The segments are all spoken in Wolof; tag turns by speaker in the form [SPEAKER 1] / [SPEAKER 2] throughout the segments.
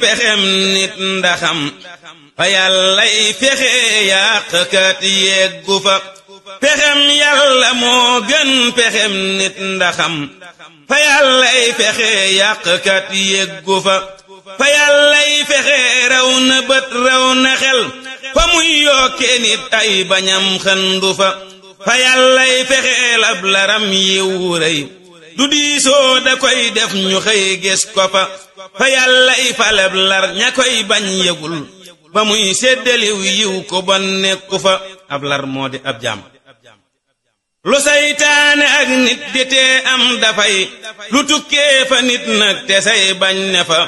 [SPEAKER 1] pexem nit ndaxam fa yàllay fexe yàqkat yeggu fa pexem yàlla moo gën pexem nit ndaxam fa yàllay fexe yàqkat yeggu fa fa yàllay fexe raw na bët raw na xel fa muy yokkee nit ay bañam xëndu fa fa yàllay fexe lab laram du diisoo da koy def ñu xëy gis ko fa fa yàlla i faleb lar ña koy bañ yëgul ba muy séddaliw yiw ko bon nekku fa ab lar moo di ab jaam lu saytaane ak nit di tee am dafay lu tukkee fa nit nag te say bañ ne fa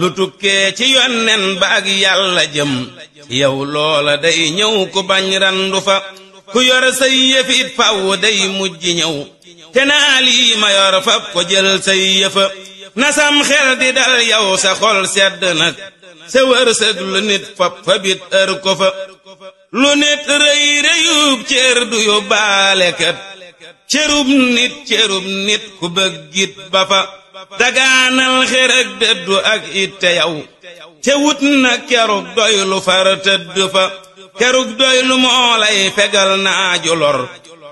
[SPEAKER 1] lu tukkee ci yonnen ba ak yàlla jëm yow loola day ñëw ko bañ randu fa ku yor say yëfit faw day mujj ñëw te naa lii ma yor fab ko jël say yëfa nasam xel di dal yow sa xol sedd nag lu nit fab fabit ër ko fa lu nit rëy rëyub cër du yóbbaale kat cërub nit cërub nit ku bëggit ba fa dagaanal xer dëddu ak itte yow te na kerug doy far tëdd fa kerug doy lu moo lay fegal naaju lor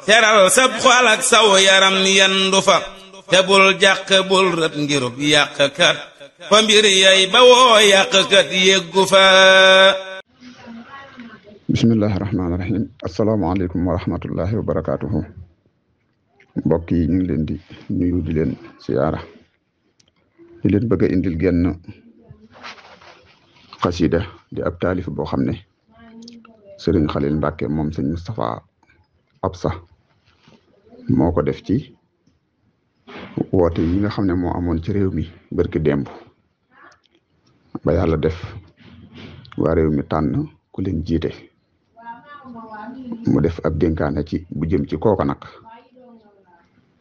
[SPEAKER 1] teral sab xol ak saw yaram yendu fa te bul jàq bul rët ngirub yàqkat fa mbir yay ba woo yàqkat yéggu fa
[SPEAKER 2] bismillahi rahmaani rahim asalaamaaleykum wa rahmatullahi wa barakaatuhu mbokk yi ñu ngi leen di nuyu di leen siyaara di leen bëgg a indil genn xasida di ab taalif boo xam ne sëriñ Xalil Mbàkke moom sëñ Moustapha Absa moo ko def ci woote yi nga xam ne moo amoon ci réew mi barki démb ba yàlla def wa réew mi tànn ku leen jiite mu def ab dénkaane ci bu jëm ci kooka nag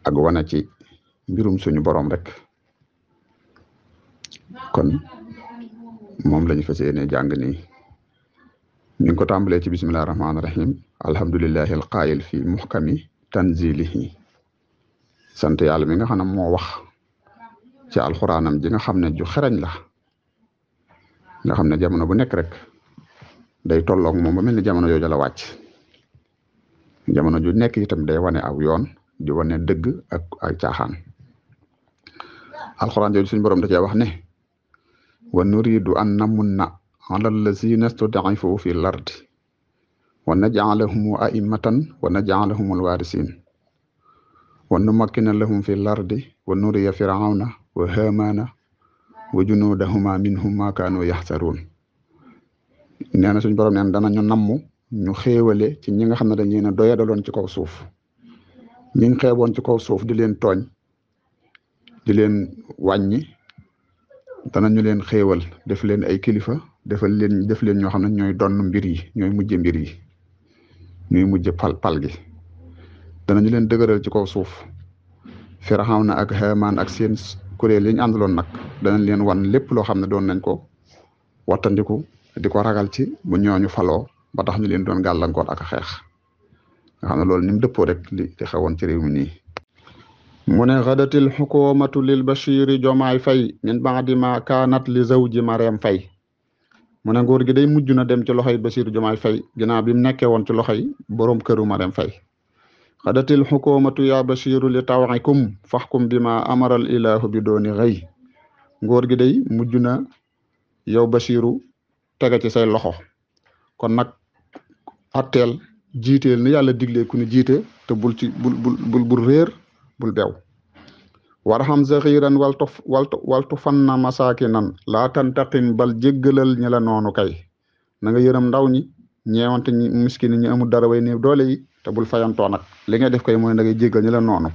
[SPEAKER 2] ak wana ci mbirum suñu boroom rek kon moom lañu fas yéene jàng nii ñu ngi ko tàmbalee ci bisimilah rahmaani rahim alhamdulilahi alqaayil fi muhkami tanzilihi sant yàlla mi nga xam ne moo wax ci alxuraanam ji nga xam ne ju xerañ la nga xam ne jamono bu nekk rek day tolloog moom ba mel ni jamono jooju la wàcc jamono ju nekk itam day wane aw yoon di wane dëgg ak ay caaxaan alxuraan jooju suñu borom da cee wax ne wa nuridu an namunna la allazina stud'ifu fi l-ardi wa najcalahumu a'immatan wa najcalahum alwaarisiin wa numakkina lahum fi lardi wa nuriya firawna wa haamaana wa junuudahuma minhum maa kaanu yaxsaruun nee na suñ borom neen danañu namm ñu xéewale ci ñi nga xam ne dañu ne doyadaloon ci kaw suuf ñi ngi xeeboon ci kaw suuf di leen tooñ di leen wàññi danañu leen xéewal def leen ay kilifa defal leen def leen ñoo xam ne ñooy donn mbir yi ñooy mujj mbir yi ñuy mujj pal pal gi danañu leen dëgëral ci kaw suuf na ak Haamaan ak seen kuréel yi ñu àndaloon nag danañ leen wan lépp loo xam ne doon nañ ko wattandiku di ko ragal ci bu ñooñu falo ba tax ñu leen doon gàllankoor ak xeex nga xam ne loolu ni mu dëppoo rek li di xewoon ci réew mi nii mu ne xadatil xukumatu lil bashiri jomaay fay min baadi ma kaanat li zawji mareem fay mu ne nguur gi day mujj na dem ci loxoy Basiiru Jomaay Fay ginnaaw bi mu nekkee woon ci loxoy boroom këru Marème Fay xadatil xukumatu ya Basiiru li tawaxikum faxkum bi ma amaral ilaahu bi dooni xëy nguur gi day mujj na yow Basiiru tege ci say loxo kon nag atteel jiiteel ni yàlla digle ku ni jiite te bul ci bul bul bul réer bul beew warham zaxiran waltu waltu waltu fanna masaakinan laa tantaqim bal jéggalal ñi la noonu kay na nga yërëm ndaw ñi ñeewante ñi miskin ñi amul dara way néew doole yi te bul fayantoo nag li ngay def koy mooy da ngay jéggal ñi la noonu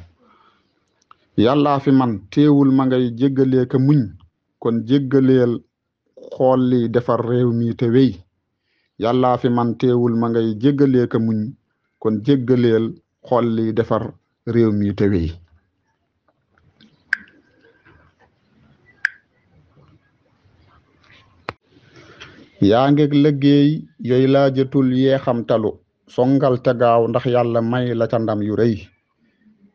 [SPEAKER 2] yàllaa fi man téewul ma ngay jéggalee ka muñ kon jéggaleel xool li defar réew mi te wéy yàllaa fi man téewul ma ngay jéggalee ka muñ kon jéggaleel xool li defar réew mi te wéy yaa ngeeg liggéey yooyu laa jëtul xamtalu songal te gaaw ndax yàlla may la ca ndam yu rëy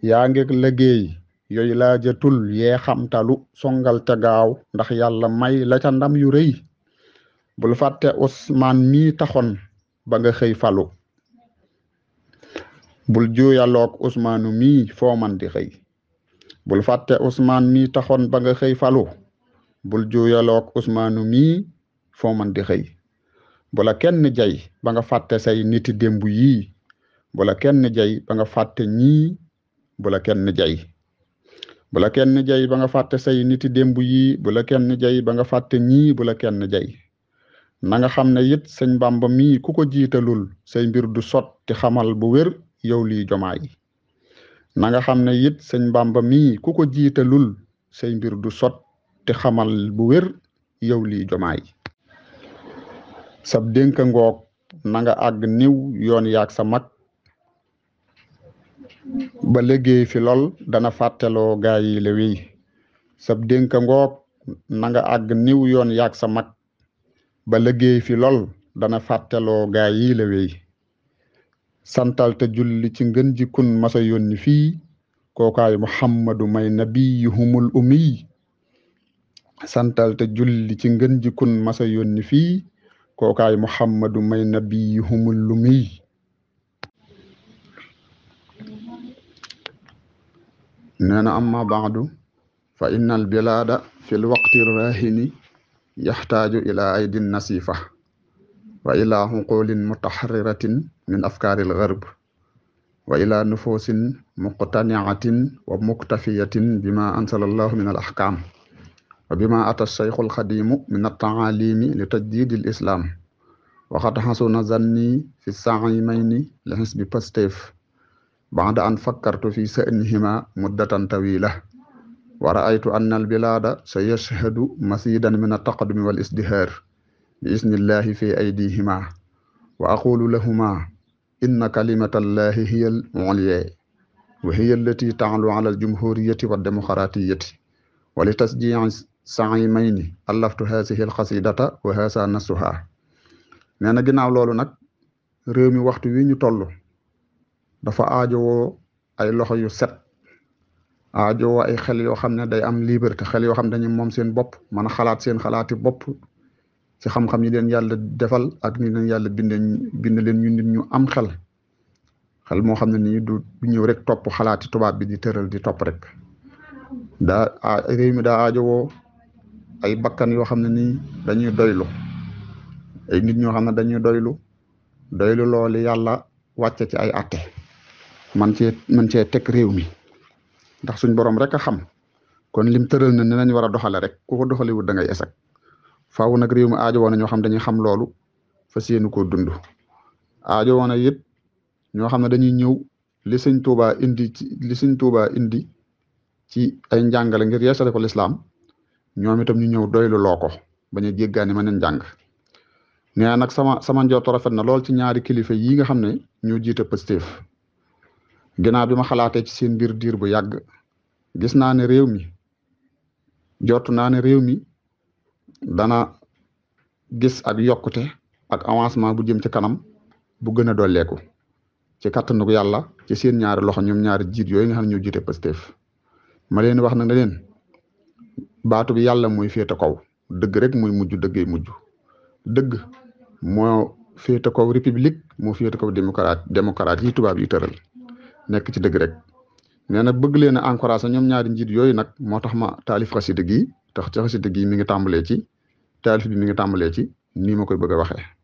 [SPEAKER 2] yaa ngeeg liggéey yooyu laa jëtul xamtalu songal te gaaw ndax yàlla may la ca ndam yu rëy bul fàtte Usmaan mii taxoon ba nga xëy falu bul juuyaloog Usmaanu mii foo man di xëy bul fàtte Usmaan mii taxoon ba nga xëy falu bul juuyaloog Usmaanu mii foo man di xëy bu kenn jay ba nga fàtte say niti démb yii bu kenn jay ba nga fàtte ñii bu la kenn jay bu kenn jay ba nga fàtte say niti démb yii bu kenn jay ba nga fàtte ñii bu la kenn jay nanga xam ne it sëñ Bàmba mii ku ko jiitalul sey mbir du sot te xamal bu wér yow lii jomaay na xam ne yit sëñ Bàmba mii ku ko jiitalul sey mbir du sot te xamal bu wér yow lii jomaay sab dénka ngoog na nga àgg niw yoon yaag sa mag ba liggéey fi lool dana fàtteloo gaa yi le wéy sab dénka ngoog na nga niw yoon yaag sa mag ba liggéey fi lool dana fàtteloo gaa yi le wéy santal te julli ci ngën ji kun masa yónni fii kookaayu muhammadu may nabiyuhumul ummiy santal te julli ci ngën kun masa yónni fii kookaay muhammadu may nabiyuhumul lumiy nee amma baadu fa inna al fi lwaqti rahini yaxtaaju ila aydin nasifa wa ila xuqulin mutaxariratin min afkaari lgarb wa ila nufusin muqtaniatin wa muktafiyatin bima ansala allahu min al wa bima ata cheikhu alxadimu min attaalimi li tajdid l islaam waxat xasuna zanni fi saimayni li xisbi pastef baada an fakkartu fi sanihima muddatan tawila wa raaytu anna albilaada sa yashhadu masidan min altaqadumi wal isdihaar bi isnillahi fi aydihima wa aqulu lahuma inna kalimatallahi hiya al ulya wa hiya allati taalu ala aljumhuriyati wa demoxaratiyati wa li tasjiici saimayni allaftu haasihi alxasidata wa haasa nasuha nee na ginnaaw loolu nag réew mi waxtu wi ñu toll dafa aajowoo ay loxo yu set aajowoo ay xel yoo xam ne day am liberté xel yoo xam ne dañu moom seen bopp mën a xalaat seen xalaati bopp si xam-xam yi leen yàlla defal ak ni leen yàlla binde bind leen ñu nit ñu am xel xel moo xam ne nii du ñëw rek topp xalaati tubaab bi di tëral di topp rek daa réew mi daa aajowoo ay bakkan yoo xam ne nii dañuy doylu ay nit ñoo xam ne dañuy doylu doylu loolu yàlla wàcce ci ay atte man cee man cee teg réew mi ndax suñ borom rek a xam kon lim tëral na ne nañ war a doxale rek ku ko doxalewut da ngay esak faaw nag réew mi aajo woon na ñoo xam dañuy xam loolu fas yéene ko dund aajo woon na it ñoo xam ne dañuy ñëw li sëñ Tuubaa indi ci li sëñ Tuubaa indi ci ay njàngale ngir yeesale ko lislaam ñoom itam ñu ñëw doylu loo ko bañ a jéggaani ma neen jàng nee nag sama sama njort rafet na lool ci ñaari kilifa yi nga xam ne ñu jiite Pastef ginnaaw bi ma xalaatee ci seen biir diir bu yàgg gis naa ne réew mi jot naa ne réew mi dana gis ak yokkute ak avancement bu jëm ci kanam bu gën a dolleeku ci kattanu yàlla ci seen ñaari loxo ñoom ñaari jiit yooyu nga xam ne ñoo jiite Pastef ma leen wax na na leen baatu bi yàlla muy féete kaw dëgg rek muy mujj dëgg mujj dëgg moo féete kaw république moo féete kaw démocrate démocrate yi tubaab yi tëral nekk ci dëgg rek nee na bëgg leen a encouragé ñoom ñaari njiit yooyu nag moo tax ma taalif xasida gi tax ci xasida gi mi ngi tàmbalee ci taalif bi mi ngi tàmbalee ci nii ma koy bëgg a waxee